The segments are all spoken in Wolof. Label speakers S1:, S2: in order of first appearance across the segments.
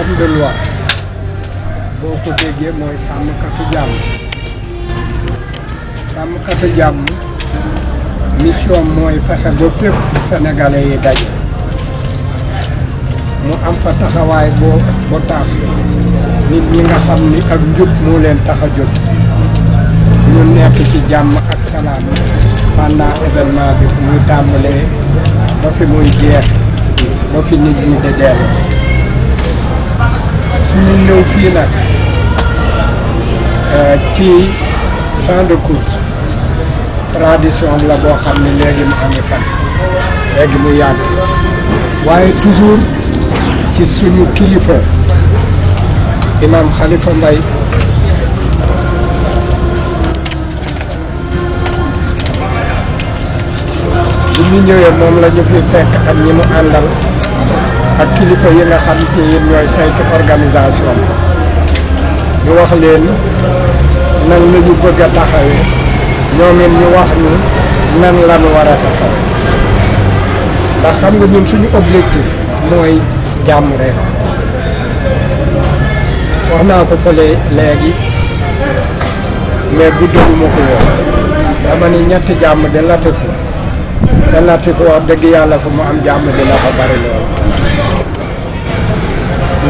S1: forme boo ko déggee mooy sàmmkatu jàmm sàmmkatu jàmm mission mooy fexe ba fépp sénégalais yi daje mu am fa taxawaay boo boo tax nit ñi nga xam ni ak njub moo leen tax a jóg ñu nekk ci jàmm ak salaam pendant événement bi fu muy tàmbalee ba fi muy jeex ba fi nit ñi di dellu suñu ñëw fii nag euh, ci champ de course tradition la boo xam ne léegi mu amee fan léegi mu yàgg waaye toujours ci suñu kilifa imam Khalifa Mbaye bu ñu ñëwee moom la ñu fi fekk ak ñi mu àndal ak kilifa yi nga xam te yéen ñooy saytu organisation ñu wax leen nan la ñu bëgg a taxawee ñoom it ñu wax ni nan la ñu war a taxawee ndax xam nga ñun suñu objectif mooy jàmm rek wax naa ko fële léegi mais guddaluma ko woon dama ni ñetti jàmm de Latif la te Latif wax dëgg yàlla fu mu am jàmm dina fa bari lool.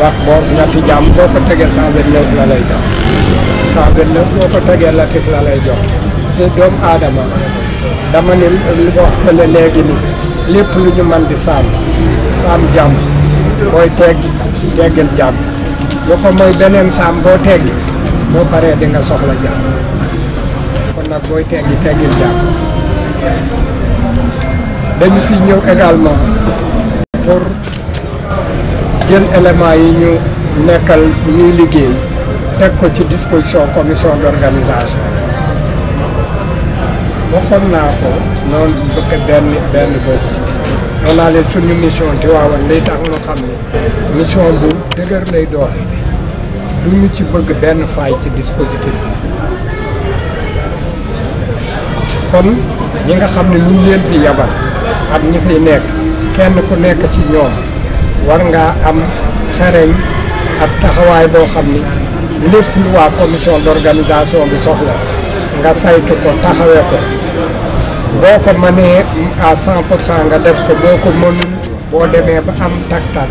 S1: wax boor ñetti jaam boo ko tegee cent la lay jox cent vingt boo ko tegee latif la lay jox te doomu aadama dama ne li wax fële léegi ni lépp lu ñu man di saam saam jàmm booy teeg teggil jàmm lu ko mooy beneen saam boo teggi boo paree di soxla jàmm kon nag booy teggi teggil jàmm dañu fi ñëw également pour jël élément yi ñu nekkal ñuy liggéey teg ko ci disposition commission d'organisation waxoon naa ko noonu bëgg benn benn bés noonu naa leen suñu mission di waawoon lay tax loo xam ne mission bu dëgër lay doon du ñu ci bëgg benn faay ci dispositif bi kon ñi nga xam ne ñu leen fi yabal ak ñi fi nekk kenn ku nekk ci ñoom war ngaa am xereñ ak taxawaay boo xam ni lépp lu waa commission d'organisation bi soxla nga saytu ko taxawee ko boo ko mënee à cent pour nga def ko boo ko mënul boo demee ba am taktak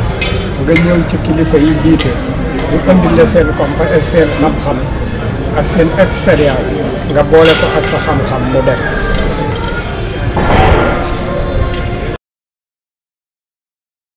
S1: nga ñëw ci kilifa yi jiite ñu indil la seen compa seen xam-xam ak seen expérience nga boole ko ak sa xam-xam mu dem